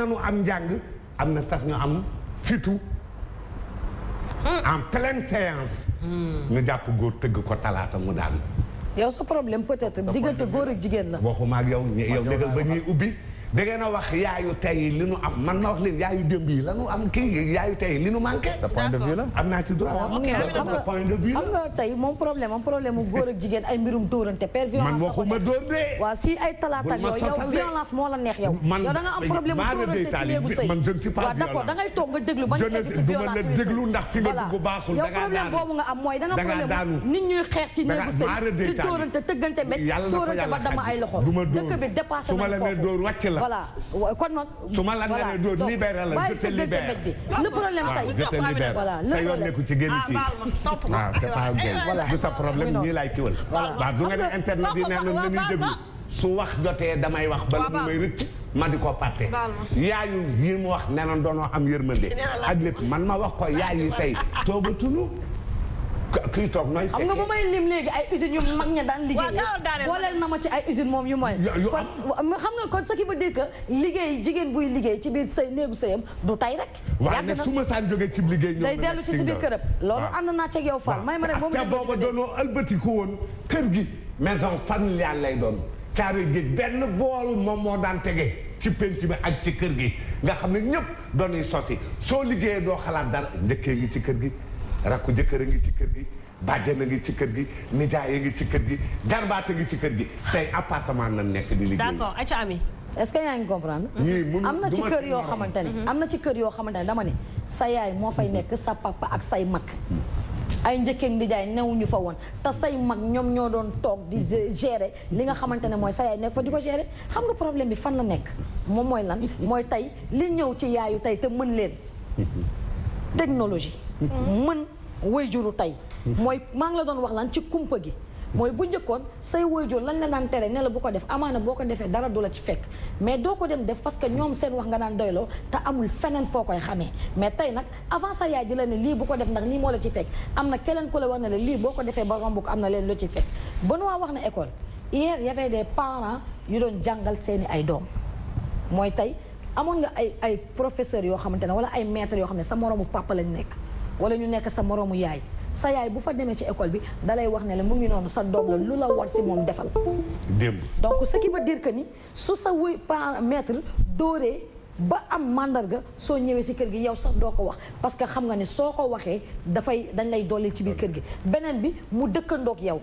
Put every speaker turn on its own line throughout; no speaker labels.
nanu am njàng am na sax ñu am fitu en pleine séance hmm. ñu jàpp góor tëgg ko talaata mu daan
yow sa problème peut-être
diggante góor ak jigéen la waxuma ak yow yow négal ba ñuy ubbi da ngeen a wax yaayu tey li nu am man na wax leen yaayu démb la nu am kii yaayu tey li nu manqué. sa point de vue la am naa ci ah, droit. point de vue
la xam nga tey moom problème am problème mu góor ak jigéen ay mbirum dóorante per violence. man waxuma
dóor de. waaw si ay talaata ak yow yow violence
moo la neex yow. man yow da nga am problème mu dóorante ci néegu sëy man je ne suis pas violent. waaw d'accord da ngay a egg ci du ma la
déglu da da nga
problème nit ñuy xeex ci néegu sëy di voilà kon nag.
su ma la nee doon libéré la je te libère le problème ah, tey je te libère sa yoon nekku ci génn si ah, waaw ah, c'est pas gay du sa problème ñii laay kiwal waaw du nga ne internet yi nee na ñuy déglu su wax jotee damay wax bala mu may rëcc ma di ko fàtte yaayu yi mu wax nee na doonoo am yërmande ak lépp man ma wax ko yaay yi tey toogatunu kii toog nooy fekkee xam nga bu
may lim léegi ay usines yu mag ña daan liggéey booleel na ma ci ay usines moom yu mooy kon xam nga kon ce qui veut dire que liggéey jigéen buy liggéey ci biir sëy néegu sëyam du tay rek waaye nag su ma
saan jógee ci liggéey ñoom day dellu ci si biir këram loolu ànd naa ceeg yow Fall may ma rek moom te booba doonoo albatiku woon kër gi maison familiale lay doon caari géej benn bool moom moo daan tege ci penc bi ak ci kër gi nga xam ne ñëpp doon sosi soo liggéeyee doo xalaat dara njëkkee ngi ci kër gi rakku jëkkër a ngi ci kër gi bàjjen a ngi ci kër gi nijaay a ngi ci kër gi jarbaat a ngi ci kër gi tey appartement la nekk di liggéey. d'accord
ami est-ce que yaa ngi comprendre. am na ci kër yoo xamante ne. am na ci kër yoo xamante ne dama ni sa yaay moo fay nekk sa papa ak say mag. ay njëkkeeg nijaay newuñu fa woon te say mag ñoom ñoo doon toog di gérer li nga xamante ne mooy sa yaay nekk fa di ko gérer xam nga problème bi fan la nekk moom mooy lan mooy tey li ñëw ci yaayu tey te mën leen mhm. technologie mën wayjuru tey mooy maa ngi la doon wax lan ci kumpa gi mooy bu njëkkoon say wayjur lañ la daan tere ne la bu ko def amaana boo ko defee dara du la ci fekk mais doo ko dem def parce que ñoom seen wax nga daan doyloo te amul feneen foo koy xamee mais tey nag avant sa yaay di la ne lii bu ko def ndax nii moo la ci fekk am na keneen ku la wax ne lii boo ko defee ba romb ko am na leen lu ci fekk Benoît wax na ecole hier y avait des yu doon jàngal seeni ay doom mooy tey amoon nga ay ay professeurs yoo xamante ne wala ay maîtres xam ne sa moroomu papa lañ nekk wala ñu nekk sa moroomu yaay sa yaay bu fa demee ci école bi dalay wax ne la mu ngi noonu sa doom la lu la war si moom defal. démb donc ce qui veut dire ni su sa wuy metre dooree ba am màndarga soo ñëwee si kër gi yow sax doo ko wax parce que xam nga ne soo ko waxee dafay dañ lay dooleel ci biir kër gi beneen bi mu dëkkandoog yow.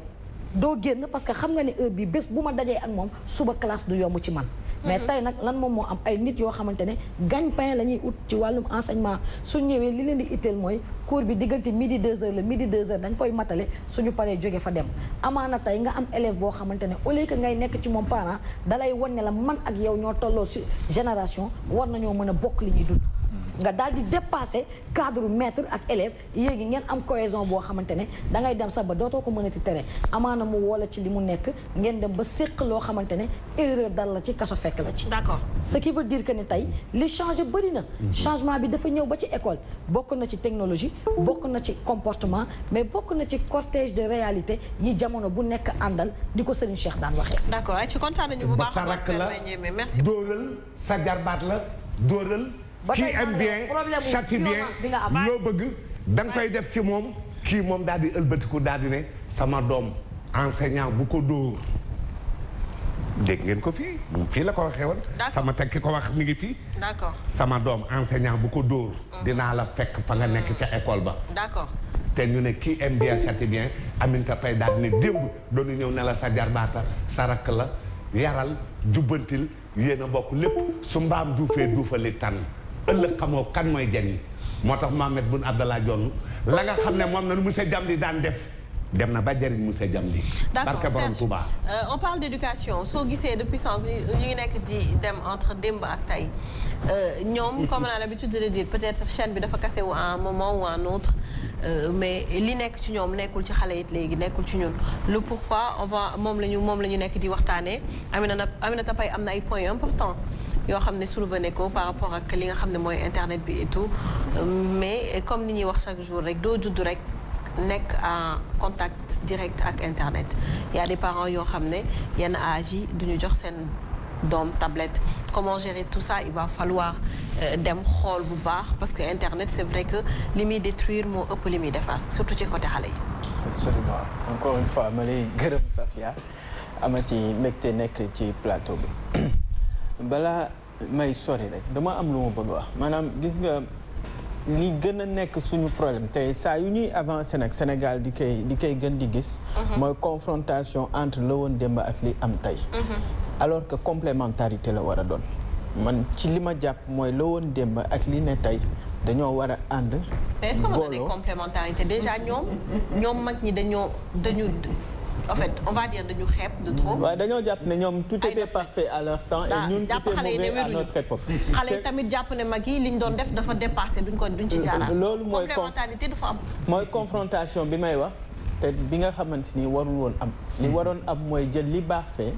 doo génn parce que xam nga ne heure bi bés bu ma dajee ak moom suba classe du yomb ci man mais mhm. tey nag lan moom moo am ay nit yoo xamante ne gagne-pain la ñuy ut ci wàllum enseignement su ñëwee li leen di itteel mooy cours bi diggante midi 2 heures la midi 2 heures dañ koy matale suñu paree jóge fa dem amaana tey nga am élève boo xamante ne au lieu que ngay nekk ci moom parent dalay wan ne la man ak yow ñoo tolloo si génération war nañoo mën a bokk li ñuy dund nga daal di dépasser cadre maître ak élève yéegi ngeen am cohésion boo xamante ne dangay dem sax ba dootoo ko mënati tere amaana mu woola ci li mu nekk ngeen dem ba séq loo xamante ne erreur dal la ci kaso fekk la ci. d'accord ce qui veut dire que ne tey li changé bëri na. Mhm. changement bi dafa ñëw ba ci école bokk na ci technologie. bokk na ci comportement mais bokk na ci cortège de réalité ñi jamono bu nekk àndal di ko Serigne Cheikh daan
waxee.
d'accord ci kontaan nañu bu baax. ba sa rakk la
dóoral sa jarbaat la dóoral. qui aime bien châtie bien loo bëgg danga nga koy def ci moom kii moom daal di ëlbatiku daal di ne sama doom enseignant bu ko dóor dégg ngeen ko fii fii la ko waxee woon sama tekki ko wax mi ngi fii d'accord sama doom enseignant bu ko dóor mm. dinaa la fekk fa nga nekk ca école ba d'accord te ñu ne kii aime bien châtie bien Aminata Paye daal di ne démb doonu ñëw ne la sa jarbaata sa rakk la yaral jubbantil yéen a bokk lépp su mbaam duufee duufali tànn ëllëg xamoo kan mooy jëriñ moo tax Mohamed Boun Abdallah Dionne la nga xam ne moom mu se monsieur Jamdi daan def dem na ba jëriñ monsieur Jamdi barke borom Touba
euh, on parle d'éducation soo gisee depuis sànq ñu ngi nekk di dem entre démb ak tey euh, ñoom mm-hmm. comme on a l'habitude de le dire peut-être chaîne bi dafa kase wu à un moment ou à euh, mais li nekk ci ñoom nekkul ci xale it léegi nekkul ci ñun le pourquoi on va moom la ñu moom la ñu nekk di waxtaanee Amina na Paye am na ay points importants yoo xam ne soulevené ko par rapport ak li nga xam ne mooy internet bi et tout mais comme ni ñuy wax chaque jour rek doo judd rek nekk en contact direct ak internet y a des yoo xam ne yenn âge yi du ñu jox seen doom tablette comment gérer tout ça il va falloir euh, dem xool bu baax parce que internet c'est vrai que li muy détruire moo ëpp li muy defar surtout ci côté xale yi
absolument encore une fois ma lay gërëm Safia amati mbégte nekk ci plateau bi balaa may sori rek dama am lu ma bëgg wax maanaam gis nga li gën a nekk suñu problème tey saa yu ñuy avancé nag Sénégal di koy di koy gën di gis. Mhm. mooy confrontation entre la woon démb ak li am tey. Mhm. alors que complémentarité la war a doon. man ci li ma jàpp mooy la woon démb ak li ne tey dañoo war a ànd.
mais est-ce que mën complémentarité déjà ñoom ñoom mag ñi dañoo dañu. en fait va dire dañu xeeb de trop. waaw
dañoo jàpp ne ñoom tout était parfait à leur temps. et ñun tout est mauvais xale yi
tamit jàpp ne mag yi li ñu doon def dafa dépassé duñ ko duñ ci jaaraat. loolu mooy complémentarité dafa am.
mooy confrontation bi may wax te bi nga xamante ni warul woon am. ni waroon am mooy jël li baax fee.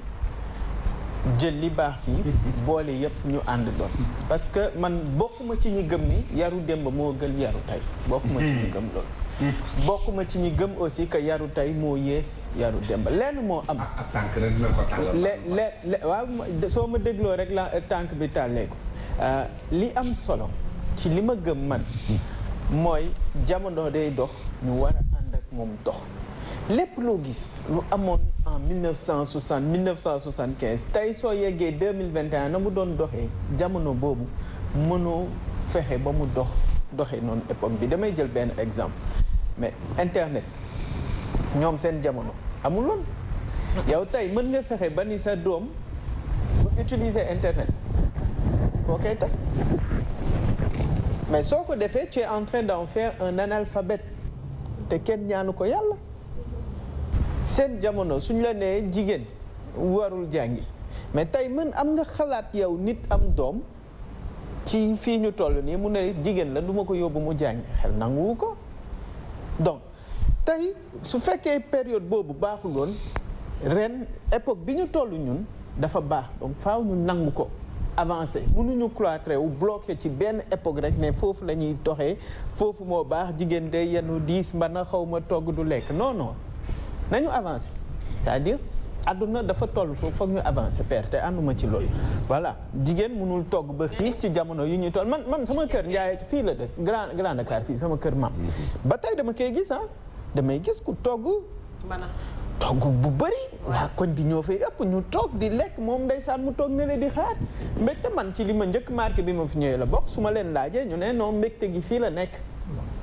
jël li baax fii mhm. boole yëpp ñu ànd doon parce que man bokkuma ci ñi gëm ni yaru demb moo gën yaru tey bokkuma ci ñi mhm. gëm loolu mhm. bokkuma ci ñi gëm aussi que yaru tey moo yées yaru demb lenn moo am ah, ah, le waaw soo ma dégloo rek la euh, tànk bi tàllee ko euh, li am solo ci li ma gëm man mooy jamono day dox ñu war a ànd ak moom dox lépp loo gis lu amoon en 1960 1975 tey soo yeggee 2021 na mu doon doxee jamono boobu mënoo fexe ba mu dox doxee noonu époque bi damay jël benn exemple mais internet ñoom seen jamono amuloon yow tey mën nga fexe ba ni sa doom bu utiliser internet foo koy teg mais soo ko defee tu es en train d'en faire un analphabète te kenn ñaanu ko yàlla seen jamono suñ la nee jigéen warul jàngi mais tey mën am nga xalaat yow nit am doom ci fii ñu toll nii mu ne jigéen la du ma ko yóbbu mu jàngi xel nanguwu ko donc tey su fekkee période boobu baaxul woon ren époque bi ñu toll ñun dafa baax donc faw ñu nangu ko avancé mënuñu cloîtré wu bloqué ci benn époque rek ne foofu la ñuy doxee foofu moo baax jigéen day yenu diis mbana xaw ma togg du lekk noonu nañu avancer c'est-à-dire àdduna dafa toll foog ñu avancé père te ànduma ci loolu voilà jigéen mënul togg ba xiif ci jamono yi ñuy toll man man sama kër Ndiaye fii la dëkk Grand Grand Dakar fii sama kër maam ba tey dama koy gis ah damay gis ku togg togg bu bëri waa koñ bi ñoo fay ëpp ñu toog di lekk moom ndeysaan mu toog ne la di xaar mbégte man ci li ma njëkk marqué bi ma fi ñëwee la bokk su ma leen laajee ñu ne non mbégte gi fii la nekk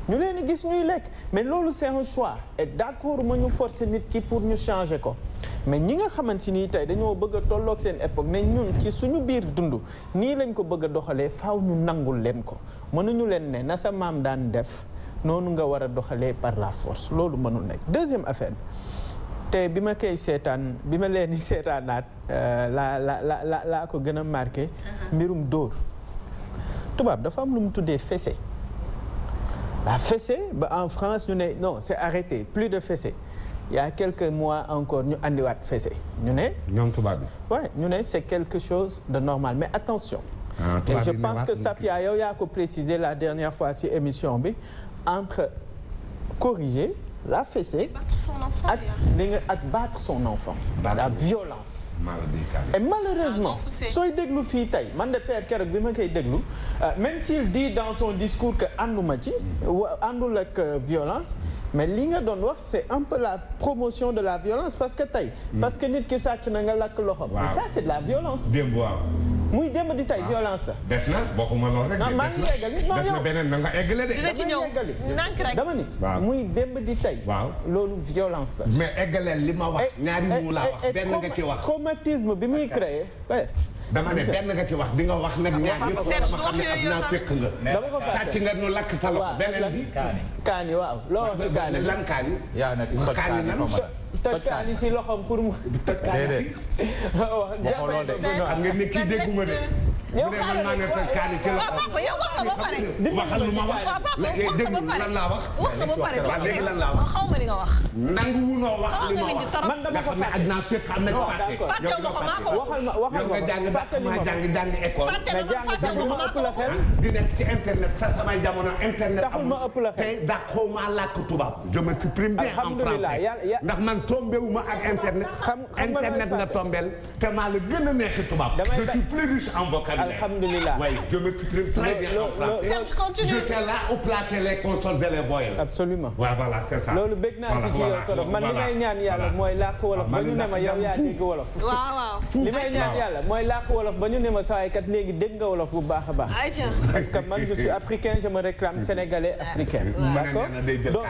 ñu leen di gis ñuy lekk mais loolu c'est un choix et d'accord ma ñu forcer nit ki pour ñu changer ko mais ñi nga xamante ni tey dañoo bëgg a tolloog seen époque ne ñun ci suñu biir dund nii lañ ko bëgg a doxalee faaw ñu nangul leen ko mënuñu leen ne na sa maam daan def noonu nga war a doxalee par la force loolu mënul nekk deuxième affaire te bi ma koy seetaan bi ma leen di seetaanaat euh, laa la la la laa ko gën a marqué uh-huh. mbirum dóor tubaab dafa am lu mu tuddee fessée la fessée ba en France ñu ne non c'est arrêté plus de fessée il y a quelques mois encore ñu andiwaat fessée ñu ne. ñoom tubaab bi waaw ñu ne c'est quelque chose de normal mais attention. Ah, et je pense que Safia yow yaa ko préciser la dernière fois ci émission bi entre corriger. la fessée ak li nga ak battre son enfant la violence et malheureusement sooy déglu fii tey man de père keroog bi ma koy déglu euh, même s'il dit dans son discours que ànduma ci àndul ak euh, violence mais li nga doon wax c'est un peu la promotion de la violence parce que tey mm. parce que nit ki sàcc na nga lakk loxo mais ça c'est de la violence muy demb di tey ah. violence. des na waxuma lool rek. maa ngi eggal des beneen na nga eggale de. dina ci ñëw nank muy démb di tey. waaw loolu violence. mais eggaleel li ma wax. Eh, ñaari eh, mu laa eh, wax benn nga ci wax. traumatisme bi muy créé. dama ne benn nga ci wax di nga wax nag ñaar yëpp dama xam ne ab naa fekk nga. sàcc nga nu lakk sa loxo beneen bi. kaani waaw loo wax ni kaani lan kaani. yaa nag kaani nan toj kaani ci loxoom pour mu. toj kaani ci. waxoo loolu de xam nga ne kii dégguma de. yow xaaral ma ne papa yow wax nga ba pare. waxal lu ma wax dégg lan laa wax. wax nga ba pare waaw léegi
lan laa wax. xaw ma li nga wax. nangu wunoo wax li ma wax. man dama ko fàtte naa fépp xam nañu fàtte. yow ma ko waxal ma waxal ma jàng ma jàng jàng école. Ah, di nekk ci internet sa samay jamono internet amul tey dàqoo maa làkk tubaab. je me supprime bien en français ndax man tombé wu ma ak internet. internet nga tombel te maa la gën a neexi tubaab. je suis plus riche en vocabulaire Alhamdoulilah. Oui, je m'exprime très bien en français. Serge, continue. Je suis là où placer les consoles et les voyelles. Absolument. Ouais, voilà, c'est ça. loolu bëgg naa ci yow torop man li may
ñaan yàlla mooy làkk wolof ah, ba ñu ne ma yow yaa dégg wolof. waaw waaw. li may ñaan yàlla mooy làkk wolof ba ñu ne ma saa kat léegi dégg nga wolof bu baax a baax. parce que man je suis africain je me réclame sénégalais africain. d'accord donc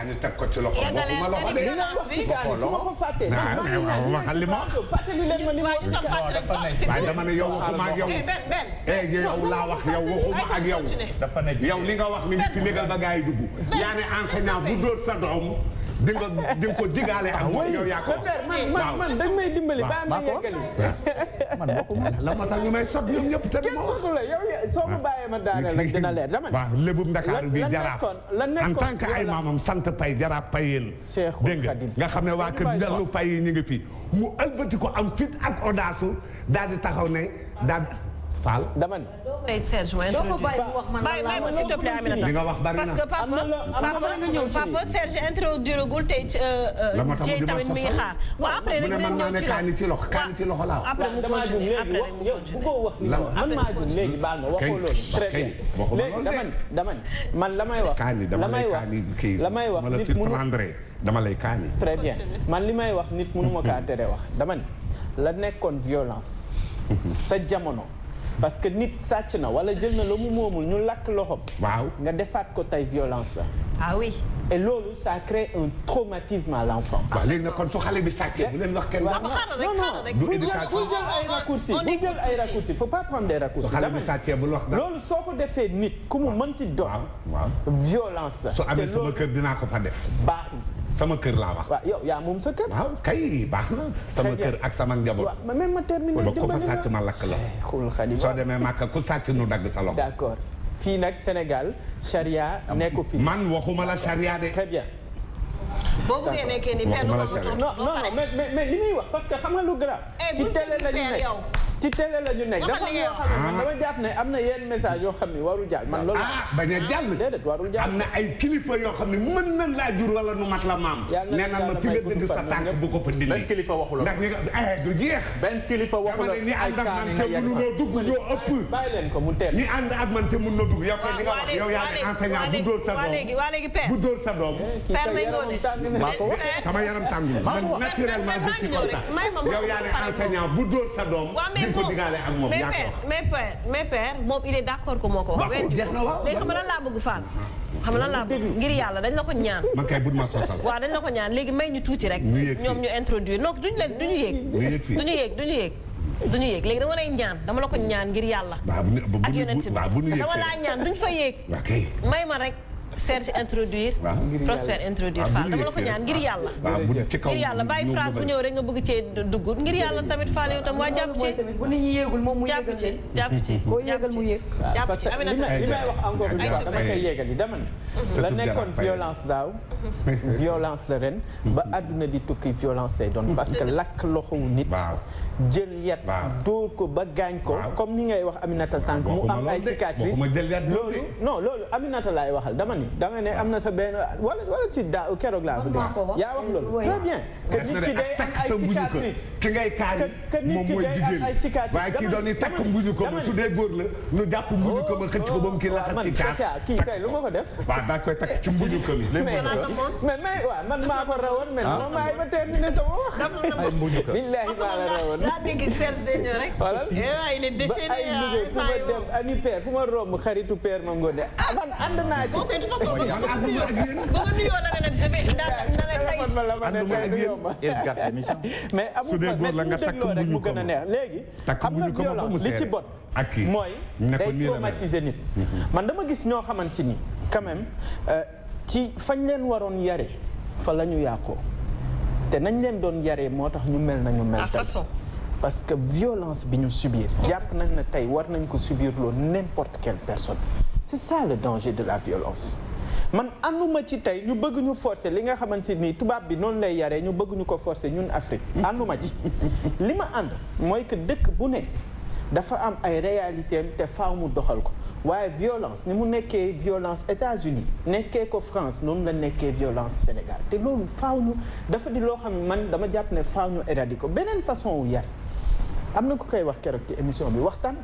ma fàtte. Ah, li leen ma
ni ma. waaw dafa nekk waaye dama ne yow waxuma ak yow. Eh, eh yow laa wax yow waxuma ak yow. dafa yow li nga wax mi ngi ci ba gars yi dugg. yaa ne enseignant bu dóor sa doom. di nga di nga ko digaale ak mooy ah, yow yaa la ma tax ñu may sot ñoom ñëpp te kenn sotu
la leer dama en tant que ay maamam
sant pay jaraaf pay yéen dégg nga nga xam ne waa kër ndellu pay yi ñu ngi fi mu ëlbati ko am fit ak audace daal di Fall dama ne. doo
may Serge ma introduire
bàyyi ma s'il te plaît Aminata. li nga wax bari na parce que
papa papa Serge introduire gul tey jëy tamit mi ngi xaar. waaw après rek dinañ ñëw ci la
ne
ci loxo kaani ci loxo laa. après mu continué après mu
continué. lan man maa jug léegi baal ma waxoo loolu. très bien léegi dama ne dama ne man la may wax. la may wax la may wax nit mu dama lay kaani. très bien man li may wax nit mënu ma kaa tere wax dama ne la nekkoon violence. sa jamono. parce que nit sàcc na wala jël na lu mu moomul ñu lakk loxoom. waaw nga defaat ko tay violence. ah oui. et loolu ça crée un traumatisme à l' enfant. waaw léegi nag kon su xale bi sàccee bu leen wax kenn. waaw non bu jël ay raccourcis bu jël ay raccourcis faut prendre des raccourcis. su xale bi sàccee bu wax loolu soo ko defee nit ku mu mënti doon. violence. su amee sama kër dinaa ko fa def. baaxul.
sama kër laa wax. waaw yow yaa moom sa kër. waaw kay baax na. sama kër ak sama njaboot. waaw
mais même ma terminer ba ku fa sàcc ma lakk la.
soo demee màkk ku sàcc nu dagg sa loxo.
d'accord fii nag Sénégal charia nekku fi. man waxuma la charia de. très bien. boo buggee nekkee ni. waxuma la charia non non mais mais li muy wax parce que xam nga lu grave. Eh, ci télé la ñu nekk ci télé la ñu nekk dafa yoo xam ne man dama jàpp ne am na yenn message yoo xam ne warul jàll man loolu ah bañ a jàll déedéet warul jàll am na ay kilifa yoo xam ne mën na laa jur wala nu
mat la maam nee na ma fi nga dëgg sa tànk bu ko fa dindi benn kilifa waxul ndax ñu eh, du jeex benn kilifa waxul ñi ànd ak man te mënuloo dugg ñoo ëpp bàyyi leen ko mu teel ñi ànd ak man te mënuloo dugg yow ko li ah, nga wax yow yaa ngi enseignant bu dóor sa doom bu dóor sa doom maa ko wax sama yaram tàngi man naturellement bu yaa ngi enseignant bu dóor sa doom dinañ ko digaale ak moom yaa
ko moom il est d' accord ko wax. waaw jeex na waaw léegi xam nga laa bëgg Fall. xam nga lan laa ngir yàlla dañ la ko ñaan. man kay bud ma soosal. waaw dañ la ko ñaan léegi may ñu tuuti rek. ñoom ñu introduire donc duñu leen duñu yéeg. duñu yéeg duñu yéeg. du ñu yéeg léegi dama lay ñaan dama la ko ñaan ngir yàlla. ak yonent bi dama laa ñaan duñ fa yéeg. may ma rek Serge introduire. Prosper introduire ah, Fall dama la ko ñaan ngir yàlla. Ah, ngir yàlla bàyyi phrase bu ñëw rek nga bëgg cee dugg ngir yàlla tamit Fall yow tam waa jàpp ci. jàpp ci koo yéegal mu yéeg.
la nekkoon violence daaw. violence la ren. ba àdduna di tukki violence lay doon. parce que lakk loxowu nit. jël yat dóor ko ba gaañ ko. comme ni ngay wax a sànq mu am ay cicatrices loolu non loolu Aminata laay waxal dama ne da nga ne am na sa benn wala wala ci daaw keroog laa ko dégg yaa wax loolu très bien que nit ki day am ay cicatrice ki ngay kaari moom mooy jigéen waaye kii doon ni takk mbuñu ko ma tuddee
góor la ñu jàpp mbuñu ko ma oh, xëcc ko ba mu kii oh, laxas ci kaas kii tey lu ma ko def waaw daa koy takk ci mbuñu ko mi mais
man maa ko rawoon mais ah. non maay ba terminé sama wax ay mbuñu ko billahi maa la rawoon a dégg Serge dañu
rek voilà eh il est déchaîné ay liggéey ah, fu a dem
ani père fu ma romb xaritu père moom ngoon de ah, man ànd naa ci mosoo bëgg a bëgg nuyoo bëgg nuyoo la ne la sa benn mais amul góor la nga takk mu ñu ko gën a neex léegi xam nga violence li ci bot mooy day traumatiser nit mhm. man dama gis ñoo xamante ni quand même euh, ci fañ leen waroon yare fa la ñu yàqoo te nañ leen doon yaree moo tax ñu mel nañu mel parce que violence bi ñu subir jàpp nañ na tey war nañ ko subir loo n'importe quelle personne c'est ça le danger de la violence man ànduma ci tey ñu bëgg ñu forcer li nga xamante nii tubaab bi noonu lay yaree ñu bëgguñu ko forcer ñun Afrique ànduma ci li ma ànd mooy que dëkk bu ne dafa am ay réalité te faaw mu doxal ko waaye violence ni mu nekkee violence États-Unis nekkee ko France noonu la nekkee violence Sénégal te loolu faaw ñu dafa di loo xam ne man dama jàpp ne faaw ñu éradiquer ko beneen façon wu yar am na ku koy wax keroog ci émission bi waxtaan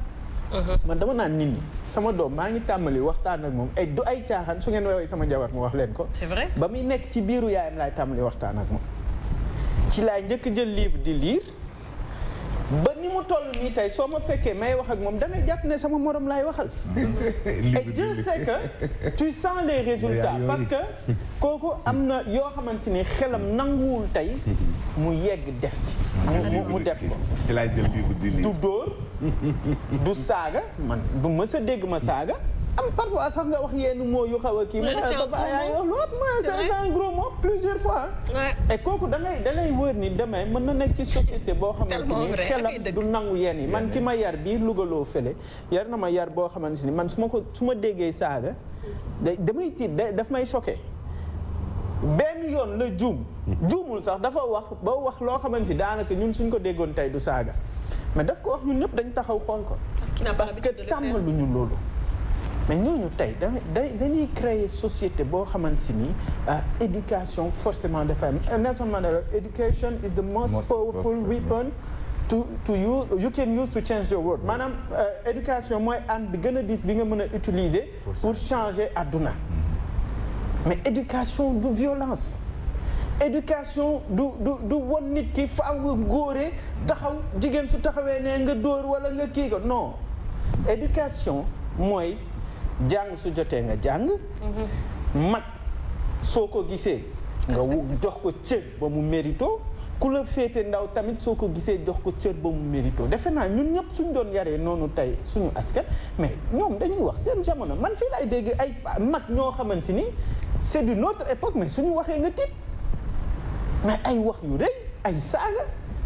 man dama naan nit ñi sama doom maa ngi tàmbali waxtaan ak moom ay du ay caaxaan su ngeen woowee sama jabar mu wax leen ko. c'est vrai ba muy nekk ci biiru yaayam laay tàmbali waxtaan ak moom. ci laay njëkk jël livre di lire ba ni mu toll nii tey soo ma fekkee may wax ak moom damay jàpp ne sama moroom laay waxal. et Dieu sait que tu sens les résultats parce que kooku am na yoo xamante ni xelam nanguwul tey mu yegg def si. mu def ko ci laay jël livre di lire du dóor. du saaga. man du mës a dégg ma saaga. am parfois sax nga wax yenn mots yu xaw a kii. loolu ah, c'est un gros ah, mot ah, c'est un gros mot plusieurs fois. kooku da ngay da lay wër ni demee mën na nekk ci société boo. xamante ni xelam du nangu yenn yi man ki ma yar bii lugaloo fële. yar na ma yar boo xamante ni man su ma ko su ma déggee saaga. damay tiit daf may choqué. benn yoon la juum. Hmm. juumul sax dafa wax ba wax loo xamante ni daanaka ñun suñ ko déggoon tey du saaga. mais daf ko wax ñun ñëpp dañ taxaw xool ko. parce que ñu loolu. ma ñu ñu tey dañuy créer société boo xamante si ni euh, éducation forcément dafay am Nelson Mandela education is the most powerful weapon to to use you can use to change the world maanaam euh, éducation mooy ànd bi gën a diis bi nga mën a utiliser pour changer àdduna mm-hmm. mais éducation du violence éducation du du du won nit ki faaw nga góore taxaw jigéen su taxawee ne nga dóor wala nga kii ko non éducation mooy jàng su jotee nga jàng mm-hmm. mag soo ko gisee nga jox ko cër ba mu mérito ku la féete ndaw tamit soo ko gisee jox ko cër ba mu mérito defe naa ñun ñëpp suñ doon yaree noonu tey suñu askan mais ñoom dañuy wax seen jamono man fii laay dégg ay mag ñoo xamante ni c'est d'une autre époque mais suñu waxee nga tiit mais ay wax yu rëy ay saaga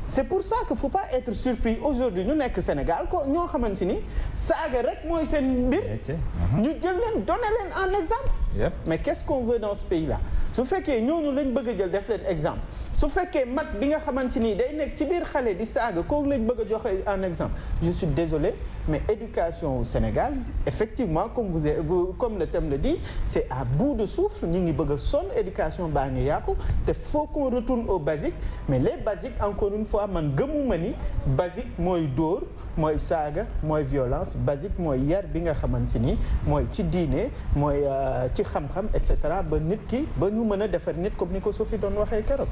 c'est pour ça que faut pas être surpris ñu nekk Sénégal ko ñoo xamante ni saaga rek mooy seen mbir uh-huh. ñu jël leen donner en exemple yep. mais qu'est-ce qu'on veut dans ce pays là su fekkee ñooñu lañ bëgg a jël def leen exemple su fekkee mag bi nga xamante ni day nekk ci biir xale di saaga kooku lañ bëgg a joxe en exemple je suis désolé mais éducation au Sénégal effectivement comme vous, comme le thème le dit c'est à bout de souffle ñu ngi bëgg a sonn éducation baa ngi yàqu te faut qu'on retourne au basique mais les basiques encore une fois man gëmuma ni basique mooy dóor mooy saaga mooy violence basique mooy yar bi nga xamante ni mooy ci diine mooy euh, ci xam-xam et cetera ba nit ki ba ñu mën a defar nit comme ni ko Sophie doon waxee keroog